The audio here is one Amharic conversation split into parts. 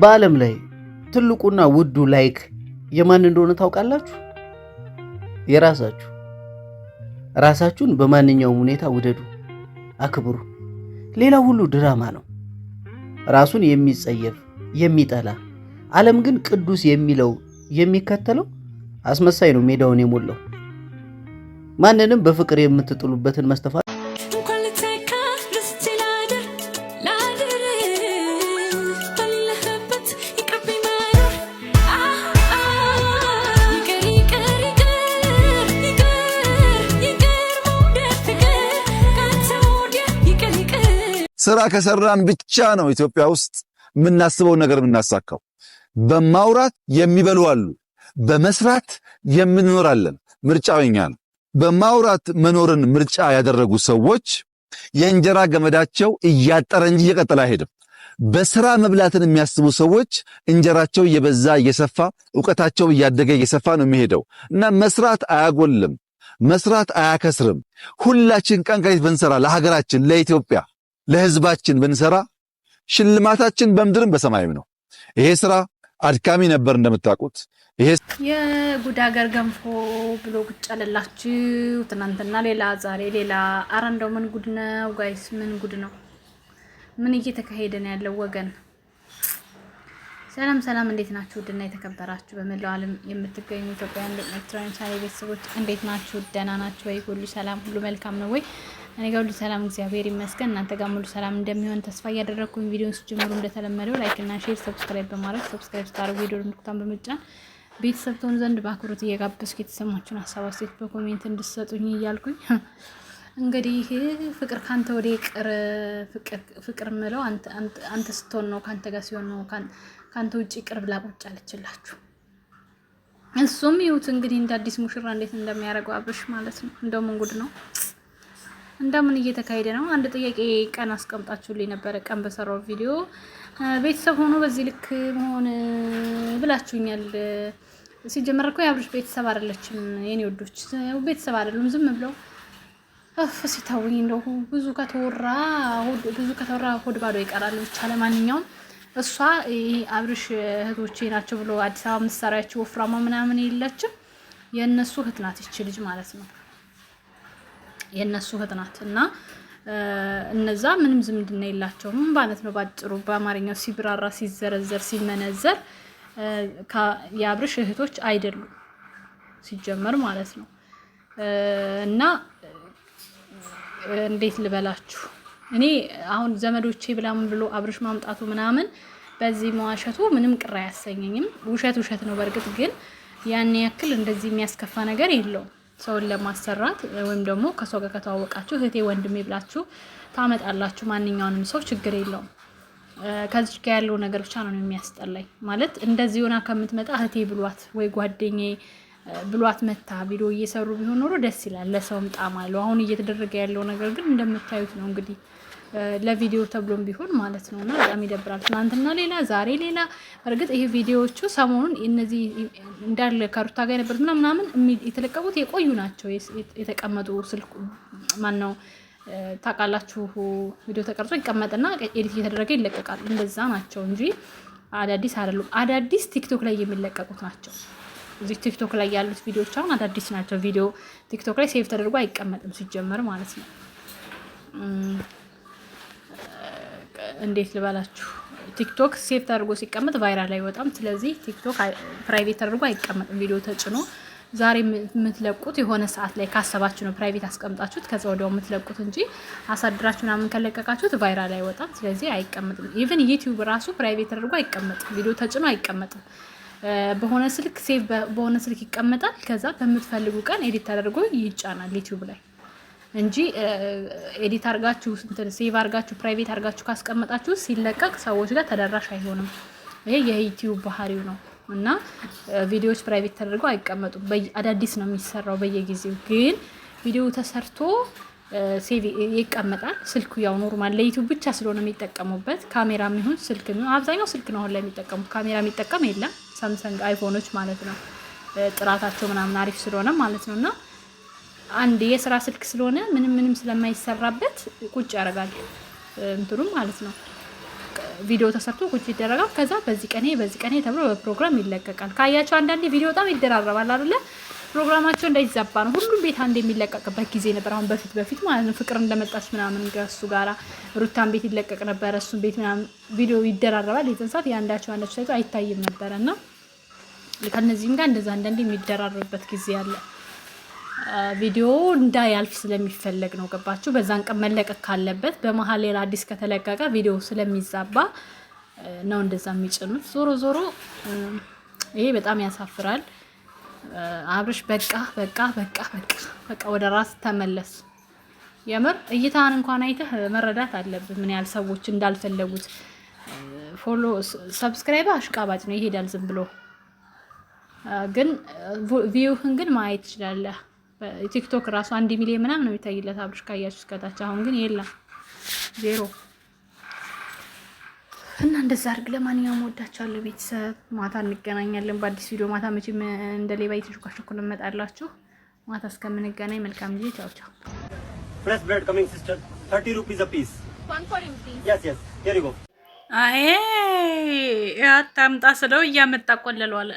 በዓለም ላይ ትልቁና ውዱ ላይክ የማን እንደሆነ ታውቃላችሁ? የራሳችሁ። ራሳችሁን በማንኛውም ሁኔታ ውደዱ፣ አክብሩ። ሌላው ሁሉ ድራማ ነው። ራሱን የሚጸየፍ የሚጠላ ዓለም ግን ቅዱስ የሚለው የሚከተለው አስመሳይ ነው ሜዳውን የሞላው። ማንንም በፍቅር የምትጥሉበትን መስተፋት ስራ ከሰራን ብቻ ነው ኢትዮጵያ ውስጥ የምናስበውን ነገር የምናሳካው። በማውራት የሚበሉ አሉ፣ በመስራት የምንኖራለን። ምርጫ እኛ ነው። በማውራት መኖርን ምርጫ ያደረጉ ሰዎች የእንጀራ ገመዳቸው እያጠረ እንጂ እየቀጠለ አይሄድም። በስራ መብላትን የሚያስቡ ሰዎች እንጀራቸው እየበዛ እየሰፋ እውቀታቸው እያደገ እየሰፋ ነው የሚሄደው እና መስራት አያጎልም፣ መስራት አያከስርም። ሁላችን ቀን ከሌት ብንሰራ ለሀገራችን ለኢትዮጵያ ለህዝባችን ብንሰራ ሽልማታችን በምድርም በሰማይም ነው። ይሄ ስራ አድካሚ ነበር እንደምታውቁት። ይሄ የጉድ ሀገር ገንፎ ብሎ ቁጭ አለላችሁ። ትናንትና ሌላ፣ ዛሬ ሌላ። አረ እንደው ምን ጉድ ነው ጋይስ! ምን ጉድ ነው? ምን እየተካሄደ ነው ያለው ወገን? ሰላም ሰላም፣ እንዴት ናችሁ? ውድና የተከበራችሁ በመላው ዓለም የምትገኙ ኢትዮጵያውያን ኤሌክትሮኒክስ ቤተሰቦች እንዴት ናችሁ? ደህና ናችሁ ወይ? ሁሉ ሰላም፣ ሁሉ መልካም ነው ወይ? እኔ ጋር ሁሉ ሰላም እግዚአብሔር ይመስገን። እናንተ ጋር ሙሉ ሰላም እንደሚሆን ተስፋ እያደረግኩኝ ቪዲዮን ስጀምሩ እንደተለመደው ላይክ እና ሼር፣ ሰብስክራይብ በማድረግ ሰብስክራይብ ስታደርጉ ቪዲዮ ምልክቱን በመጫን ቤተሰብ ትሆኑ ዘንድ በአክብሮት እየጋበዝኩ የተሰማችሁን ሀሳብ አስተያየት በኮሜንት እንድትሰጡኝ እያልኩኝ እንግዲህ ፍቅር ካንተ ወደ ቅር ፍቅር ምለው አንተ ስትሆን ነው፣ ካንተ ጋር ሲሆን ነው። ካንተ ውጭ ቅር ብላ ቁጭ አለችላችሁ። እሱም ይሁት እንግዲህ እንደ አዲስ ሙሽራ እንዴት እንደሚያደርገው አብርሽ ማለት ነው። እንደውም እንጉድ ነው! እንደምን እየተካሄደ ነው? አንድ ጥያቄ ቀን አስቀምጣችሁልኝ ነበረ። ቀን በሰራው ቪዲዮ ቤተሰብ ሆኖ በዚህ ልክ መሆን ብላችሁኛል። ሲጀመር እኮ የአብርሽ ቤተሰብ አይደለችም። የኔ ወዶች ቤተሰብ አይደሉም። ዝም ብለው እፍ ሲታውኝ እንደው ብዙ ከተወራ ብዙ ከተወራ ሆድ ባዶ ይቀራል። ብቻ ለማንኛውም እሷ ይሄ አብርሽ እህቶቼ ናቸው ብሎ አዲስ አበባ ምሳሪያቸው ወፍራማ ምናምን የለችም። የእነሱ እህት ናት ይች ልጅ ማለት ነው። የእነሱ እህት ናት እና እነዛ ምንም ዝምድና የላቸውም ማለት ነው። ባጭሩ በአማርኛው ሲብራራ ሲዘረዘር ሲመነዘር የአብርሽ እህቶች አይደሉም ሲጀመር ማለት ነው። እና እንዴት ልበላችሁ እኔ አሁን ዘመዶቼ ብላምን ብሎ አብርሽ ማምጣቱ ምናምን በዚህ መዋሸቱ ምንም ቅር አያሰኘኝም። ውሸት ውሸት ነው። በእርግጥ ግን ያን ያክል እንደዚህ የሚያስከፋ ነገር የለውም። ሰውን ለማሰራት ወይም ደግሞ ከሰው ጋር ከተዋወቃችሁ እህቴ ወንድሜ ብላችሁ ታመጣላችሁ ማንኛውንም ሰው ችግር የለውም። ከዚች ጋር ያለው ነገር ብቻ ነው የሚያስጠላኝ። ማለት እንደዚህ ሆና ከምትመጣ እህቴ ብሏት ወይ ጓደኜ ብሏት መታ ቪዲዮ እየሰሩ ቢሆን ኖሮ ደስ ይላል፣ ለሰውም ጣም አለው። አሁን እየተደረገ ያለው ነገር ግን እንደምታዩት ነው እንግዲህ ለቪዲዮ ተብሎም ቢሆን ማለት ነው። እና በጣም ይደብራል። ትናንትና ሌላ፣ ዛሬ ሌላ። እርግጥ ይሄ ቪዲዮዎቹ ሰሞኑን እነዚህ እንዳለ ከሩታ ጋር የነበሩት ምናምን የተለቀቁት የቆዩ ናቸው። የተቀመጡ ስልኩ ማን ነው ታውቃላችሁ? ቪዲዮ ተቀርጾ ይቀመጥና ኤዲት እየተደረገ ይለቀቃል። እንደዛ ናቸው እንጂ አዳዲስ አይደሉም። አዳዲስ ቲክቶክ ላይ የሚለቀቁት ናቸው። እዚህ ቲክቶክ ላይ ያሉት ቪዲዮዎች አሁን አዳዲስ ናቸው። ቪዲዮ ቲክቶክ ላይ ሴቭ ተደርጎ አይቀመጥም ሲጀመር ማለት ነው። እንዴት ልበላችሁ ቲክቶክ ሴፍ ተደርጎ ሲቀመጥ ቫይራል አይወጣም። ስለዚህ ቲክቶክ ፕራይቬት ተደርጎ አይቀመጥም። ቪዲዮ ተጭኖ ዛሬ የምትለቁት የሆነ ሰዓት ላይ ካሰባችሁ ነው ፕራይቬት አስቀምጣችሁት ከዛ ወዲያው የምትለቁት እንጂ አሳድራችሁ ምናምን ከለቀቃችሁት ቫይራል አይወጣም። ስለዚህ አይቀመጥም። ኢቨን ዩቲዩብ ራሱ ፕራይቬት ተደርጎ አይቀመጥም። ቪዲዮ ተጭኖ አይቀመጥም። በሆነ ስልክ ሴቭ በሆነ ስልክ ይቀመጣል። ከዛ በምትፈልጉ ቀን ኤዲት ተደርጎ ይጫናል ዩቲዩብ ላይ። እንጂ ኤዲት አርጋችሁ ሴቭ አርጋችሁ ፕራይቬት አርጋችሁ ካስቀመጣችሁ ሲለቀቅ ሰዎች ጋር ተደራሽ አይሆንም። ይሄ የዩቲዩብ ባህሪው ነው እና ቪዲዮዎች ፕራይቬት ተደርገው አይቀመጡም። አዳዲስ ነው የሚሰራው በየጊዜው ግን ቪዲዮ ተሰርቶ ሴቪ ይቀመጣል። ስልኩ ያው ኖርማል ለዩቲዩብ ብቻ ስለሆነ የሚጠቀሙበት ካሜራ የሚሆን ስልክ የሚሆን አብዛኛው ስልክ ነው አሁን ላይ የሚጠቀሙት። ካሜራ የሚጠቀም የለም ሳምሰንግ አይፎኖች ማለት ነው ጥራታቸው ምናምን አሪፍ ስለሆነ ማለት ነው እና አንድ የስራ ስልክ ስለሆነ ምንም ምንም ስለማይሰራበት ቁጭ ያደርጋል እንትሩም ማለት ነው። ቪዲዮ ተሰርቶ ቁጭ ይደረጋል። ከዛ በዚህ ቀኔ በዚህ ቀኔ ተብሎ በፕሮግራም ይለቀቃል። ካያቸው አንዳንዴ ቪዲዮ በጣም ይደራረባል አይደለ? ፕሮግራማቸው እንዳይዛባ ነው። ሁሉም ቤት አንድ የሚለቀቅበት ጊዜ ነበር። አሁን በፊት በፊት ማለት ነው ፍቅር እንደመጣች ምናምን ከእሱ ጋራ ሩታን ቤት ይለቀቅ ነበረ፣ እሱን ቤት ምናምን ቪዲዮ ይደራረባል። የዛን ሰዓት የአንዳቸው አንዳቸው ሳይቶ አይታይም ነበረ እና ከእነዚህም ጋር እንደዛ አንዳንዴ የሚደራረብበት ጊዜ አለ። ቪዲዮ እንዳያልፍ ስለሚፈለግ ነው። ገባችሁ? በዛን ቀን መለቀቅ ካለበት በመሀል ሌላ አዲስ ከተለቀቀ ቪዲዮ ስለሚዛባ ነው እንደዛ የሚጭኑት። ዞሮ ዞሮ ይሄ በጣም ያሳፍራል። አብርሽ በቃ በቃ በቃ በቃ በቃ ወደ ራስ ተመለስ። የምር እይታን እንኳን አይተህ መረዳት አለብህ ምን ያህል ሰዎች እንዳልፈለጉት። ፎሎ ሰብስክራይብ አሽቃባጭ ነው፣ ይሄዳል ዝም ብሎ ግን ቪዩህን ግን ማየት ትችላለህ። ቲክቶክ ራሱ አንድ ሚሊዮን ምናምን ነው የሚታይለት አብርሽ ካያችሁ እስከታች። አሁን ግን የለም ዜሮ። እና እንደዛ አድርግ። ለማንኛውም ወዳችኋለሁ ቤተሰብ፣ ማታ እንገናኛለን በአዲስ ቪዲዮ። ማታ መቼም እንደ ሌባ የተሸኳሸኩ እንመጣላችሁ። ማታ እስከምንገናኝ መልካም ጊዜ። ቻው ቻው። ፍሬሽ ብሬድ ከሚንግ ሲስተር 30 ሩፒስ አፒስ አይ አታምጣ ስለው እያመጣ ቆለለዋል።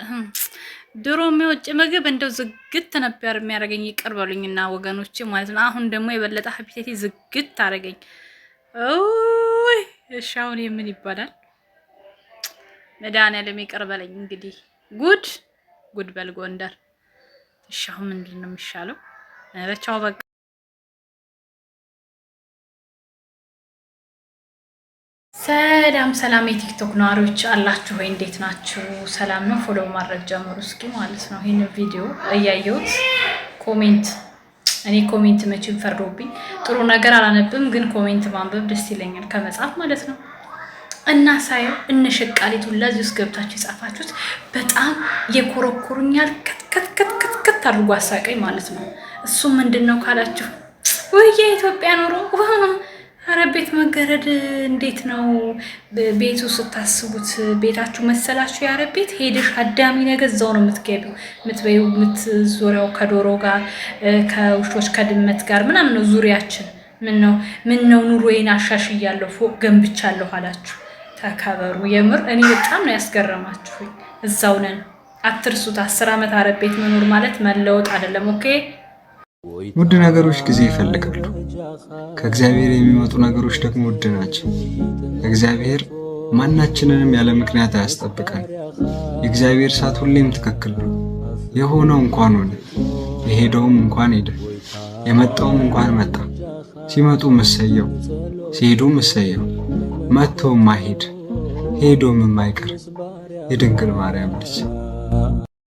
ድሮ የሚወጭ ምግብ እንደው ዝግት ነበር የሚያደርገኝ ይቅር በሉኝና ወገኖች ማለት ነው። አሁን ደግሞ የበለጠ ሀፒቴቴ ዝግት አደረገኝ። ይ እሺ፣ አሁን የምን ይባላል? መድኃኒዓለም ይቅር በለኝ። እንግዲህ ጉድ ጉድ በል ጎንደር። እሺ፣ አሁን ምንድን ነው የሚሻለው? ቻው በቃ። ሰላም ሰላም የቲክቶክ ነዋሪዎች አላችሁ ወይ? እንዴት ናችሁ? ሰላም ነው። ፎሎ ማድረግ ጀምሩ እስኪ ማለት ነው። ይህን ቪዲዮ እያየሁት ኮሜንት እኔ ኮሜንት መቼም ፈርዶብኝ ጥሩ ነገር አላነብም፣ ግን ኮሜንት ማንበብ ደስ ይለኛል ከመጽሐፍ ማለት ነው። እና ሳየው እነ ለዚህ ውስጥ ገብታችሁ የጻፋችሁት በጣም የኮረኮሩኛል። ከትከትከትከት አድርጎ አሳቀኝ ማለት ነው። እሱም ምንድን ነው ካላችሁ ውዬ የኢትዮጵያ ኑሮ አረ ቤት መገረድ እንዴት ነው? ቤቱ ስታስቡት ቤታችሁ መሰላችሁ? የአረ ቤት ሄደሽ አዳሚ ነገር እዛው ነው የምትገቢው፣ የምትበይው፣ የምትዙሪያው ከዶሮ ጋር ከውሾች ከድመት ጋር ምናምን ነው ዙሪያችን። ምን ነው ምን ነው ኑሮዬን አሻሽያለሁ ፎቅ ገንብቻለሁ አላችሁ። ተከበሩ። የምር እኔ በጣም ነው ያስገረማችሁኝ። እዛው ነን፣ አትርሱት። አስር ዓመት አረቤት መኖር ማለት መለወጥ አይደለም። ኦኬ ውድ ነገሮች ጊዜ ይፈልጋሉ። ከእግዚአብሔር የሚመጡ ነገሮች ደግሞ ውድ ናቸው። እግዚአብሔር ማናችንንም ያለ ምክንያት አያስጠብቀን። የእግዚአብሔር ሰዓት ሁሌም ትክክል ነው። የሆነው እንኳን ሆነ፣ የሄደውም እንኳን ሄደ፣ የመጣውም እንኳን መጣ። ሲመጡ መሰየው፣ ሲሄዱም መሰየው፣ መጥቶ ማሄድ ሄዶም የማይቀር የድንግል ማርያም ልጅ